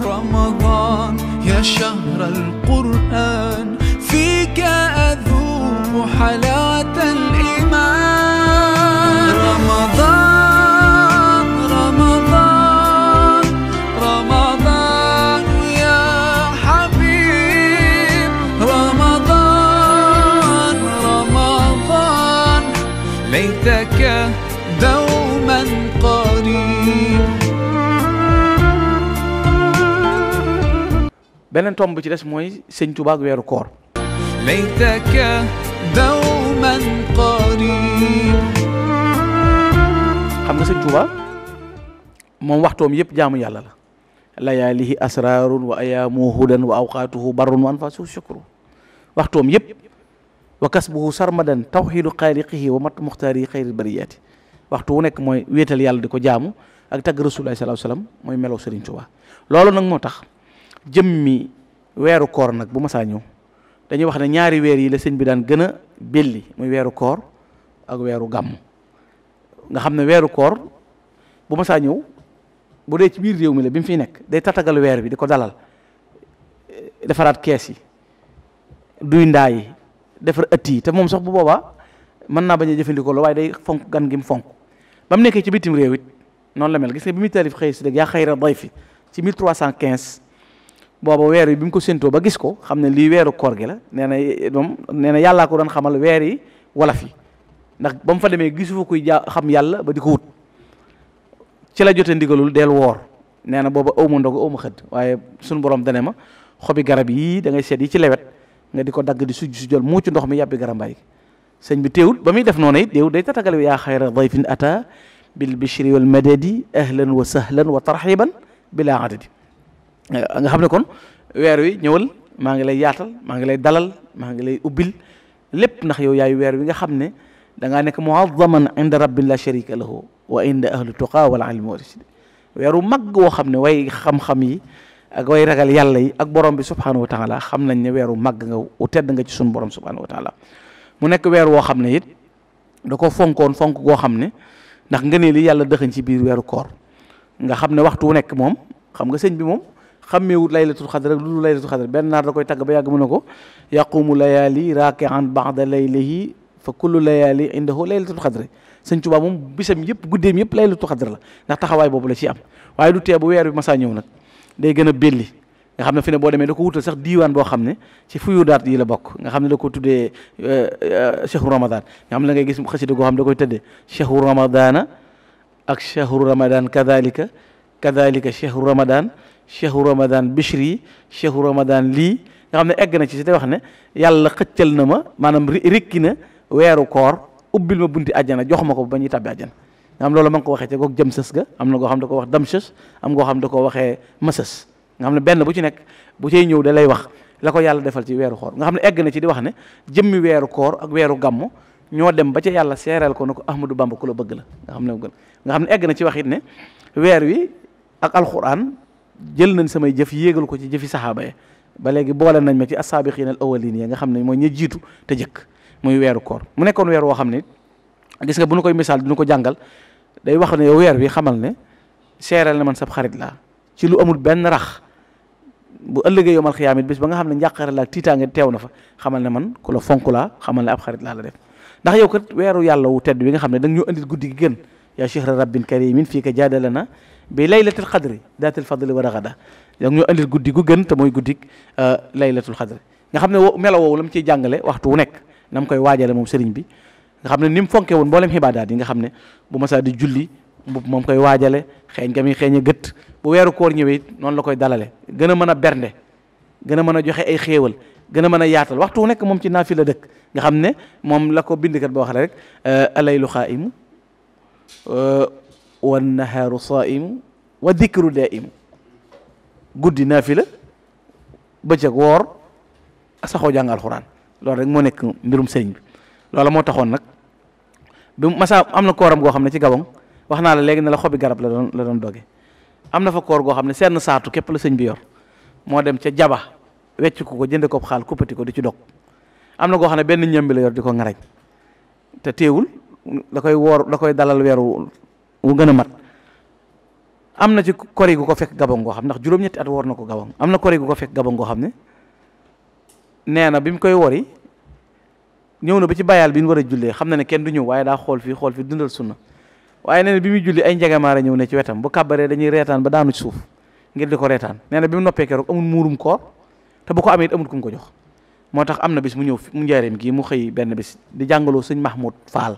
رمضان يا شهر القرآن فيك أذوق حلاوة الإيمان رمضان رمضان رمضان يا حبيب رمضان رمضان ليتك beneen tomb bi ci des mooy sëñ Tuubaa ak weeru koor laytaka dawman qarib xam nga sëñ Tuubaa moom waxtoom yëpp jaamu yàlla la layaalihi asrarun wa ayaamu hudan wa awqaatuhu barrun wa anfaasuhu shukru waxtoom yëpp wa kasbuhu sarmadan tawxidu xaaliqihi wa mat muxtaari xayri bariyaati waxtu wu nekk mooy wéetal yàlla di ko jaamu ak tagg rasulullahi sallallahu alayhi mooy melow sëriñ Tuubaa loolu nag moo tax jëmmi weeru koor nag bu masaa ñëw dañuy wax ne ñaari weer yi la sëñ bi daan gën a belli muy weeru koor ak weeru gàmm nga xam ne weeru koor bu masaa ñëw bu dee ci biir réew mi la bi mu fi nekk day tatagal weer bi di ko dalal defaraat kees yi duy ndaa yi defar ëtt yi te moom sax bu boobaa mën naa bañ a jëfandikoo la waaye day fonk gan gi mu fonk ba mu nekkee ci bitim réew it noonu la mel gis nga bi muy taalif xëy si dëgg yaa xayra dayfi ci 1315 booba weer yi bi mu ko séntoo ba gis ko xam ne lii weeru koor gi la nee na moom nee na yàllaa ko doon xamal weer yi wolof yi ndax ba mu fa demee gisu fa koy jaa xam yàlla ba di ko wut ci la jote ndigalul del woor nee na booba awma ndogu awma xëdd waaye sunu borom dane ma xobi garab yii da ngay seet yi ci lewet nga di ko dagg di suj sujjal mu ci ndox mi yàbbi garab mbay sëñ bi teewut ba muy def noonu it teewul day tatagal yaa xayra dayfin ata bil bishri wal madadi ahlan wa sahlan wa tarxiban bila adadi Euh, nga xam ne kon weer wi ñëwal maa ngi lay yaatal maa ngi lay dalal maa ngi lay ubbil lépp ndax yow yaay weer wi nga xam ne da ngaa nekk muazzaman inda rabbin la sharika lahu wa inda ahli tuqa wal ilmi wa rushd weeru mag woo xam ne way xam-xam yi ak way ragal yàlla yi ak borom bi subhanahu wa taala xam nañ ne weer weeru mag nga u tedd nga ci sun borom subhanahu wa taala mu nekk weer woo xam ne it da ko fonkoon fonk goo xam ne ndax ngëneel yi yàlla dëxañ ci biir weeru koor nga xam ne waxtu wu nekk moom xam nga sëñ bi moom xàmmeewut laylatul xadr rek lu dul laylatul xadr benn naar da koy tagg ba yàgg mu ne ko yaqumu layaali raakian baxda laylihi fa kullu layaali indahu laylatul xadr sëñ Tuubaa moom bisam yëpp guddeem yëpp laylatul xadr la ndax taxawaay boobu la ci am waaye du tee bu weer bi masaa ñëw nag day gën a belli nga xam ne fi ne boo demee da ko wutal sax diiwaan boo xam ne ci fuyu daat yi la bokk nga xam ne da ko tuddee euh, euh, chahru ramadan nga xam ne da ngay gis xasida goo xam ne da koy tëddee chahru ramadana ak chahru ramadan kadalika kadalika chahru ramadan cheikhu ramadan bichri cheikhu ramadan lii nga xam ne egg na ci si day wax ne yàlla xëccal na ma maanaam rikki na weeru koor ubbil ma bunti àjjana jox ma ko ba ñuy tàbbi àjjana nga xam loolu ma ngi ko waxee ca goog jëm sës am na koo xam da ko wax xam da ko waxee masës nga xam ne benn bu ci nekk bu cay ñëw da lay wax la ko yàlla defal ci weeru koor nga xam ne egg na ci di wax ne jëmmi weeru koor ak weeru gàmmu ñoo dem ba ca yàlla seereel ko na ko Ahmadou Bamba ku la bëgg la nga xam ne nga xam egg na ci wax it ne weer wi ak alxuraan jël nañ samay jëf yéegal ko ci jëfi saxaaba ya ba léegi boole nañ ma ci asaabiqiin al awwaliin ya nga xam ne mooy ña jiitu te jëkk muy weeru koor mu nekkoon weer woo xam ne gis nga bu nu koy misaal du ko jàngal day wax ne weer wi xamal ne seeral na man sab xarit laa ci lu amul benn rax bu ëllëgee yomal xiyaamit bis ba nga xam ne njàqare laa tiitaange teew na fa xamal ne man ku la fonk laa xamal ne ab xarit laa la def ndax yow kat weeru yàlla wu tedd bi nga xam ne da nga ñu guddi gi gën yaa chihra rabbin karimin fii ka jaadalana bi laylatil xadri daatil fadli wa raxada yaa ngi ñu andil guddi gu gën te mooy guddik uh, laylatul xadri nga xam ne melo woowu la ciy jàngale waxtu wu nekk na koy waajale moom sëriñ bi nga xam ne ni mu fonke woon mboolem xibaadaat yi nga xam ne bu masaa di julli mbub moom koy waajale xeeñ nga muy xeeñ a gët bu weeru koor ñëwee it noonu la koy dalale gën a mën a bernde gën a mën a joxe ay xéewal gën a mën a yaatal waxtu wu nekk moom ci naafi la dëkk nga xam ne moom la ko bindkat boo wax rek uh, alaylu xaa'imu wannahaaru saaimu wa dikru daimu guddi fila bëccëg woor saxoo jàng alxuraan loolu rek moo nekk mbirum sëñ bi loolu moo taxoon nag bi masa am na kooram goo xam ne ci gabon wax naa la léegi ne la xobi garab la doon la doon doge am na fa koor goo xam ne seen saatu képp la sëñ bi yor moo dem ca jaba wecc ko ko jënd ko xaal kuppati ko di ci dog am na goo xam ne benn ñam la yor di ko ngarañ te teewul da koy woor da koy dalal weer wu gën a mat am na ci kori gu ko fekk gabon goo xam ndax juróom-ñetti at woor na ko gabon am na kori gu fekk gabon goo xam ne nee na bi mu koy wori ñëw na ba ci bayaal bi ñu war a jullee xam na ne kenn du ñëw waaye daa xool fi xool fi dundal sunna waaye nee na bi muy julli ay njegemaare ñëw ne ci wetam bu kàbbaree dañuy reetaan ba daanu ci suuf ngir di ko reetaan nee na bi mu noppee keroog amul muurum koor te bu ko amee it amul ku ko jox moo tax am na bis mu ñëw mu njaareem gii mu xëy benn bis di jàngaloo sëñ Mahmoud Fall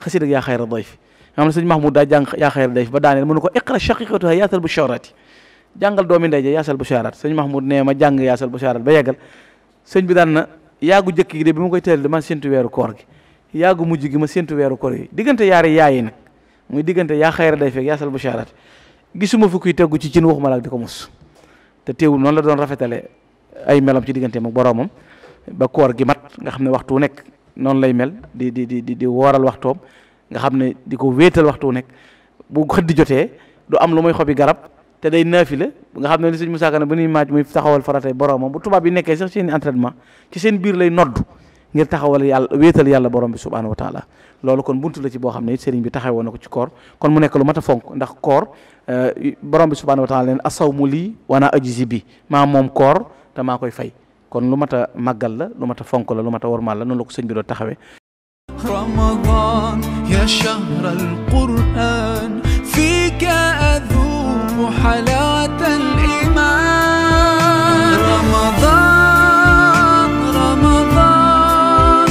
xasida yaa xayra dayf nga xam ne sëñ Mahmoud daa jàng yaa xayra dayf ba daaneel mu ne ko iqra shaqiqatuha yaasal bu sharaati jàngal doomi ndey ja yaasal bu sharaat sëñ Mahmoud nee ma jàng yaasal bu sharaat ba yeggal sëñ bi daan na yaagu jëkk gi de bi ma koy teel dama séntu weeru koor gi yaagu mujj gi ma séntu weeru koor yi diggante yaari yaayi nag muy diggante yaa xayra dayf ak yaasal bu sharaat gisuma fi te gu ci cin ma laak di ko mos te teewul noon la doon rafetale ay melam ci diggante mag boroomam ba koor gi mat nga xam ne waxtu nekk noonu lay mel di di di di wooral waxtoom nga xam ne di ko wéetal waxtu nekk bu xëdd jotee du am lu muy xobi garab te day naafila nga xam ne li sëñ mu Ka ne bu ñuy maaj muy taxawal faratay boromam bu tubaab yi nekkee sax seen entraînement ci seen biir lay noddu ngir taxawal yàlla wéetal yàlla borom bi subhaanahu wa taala loolu kon buntu la ci boo xam ne it bi taxawoo na ko ci koor kon mu nekk lu mata fonk ndax koor euh, borom bi subhaanahu wa taala leen asaw mu lii wana ajisi bi maa moom koor te maa koy fay kon lu mat a màggal la lu mat a fonk la lu mat a wormaal la noonu la ko sëñ bi doon taxawee ramadan ya shahr al quran fika adhumu halawat al iman ramadan ramadan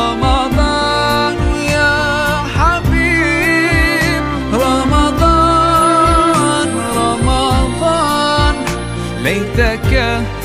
ramadan ya habib ramadan ramadan laytaka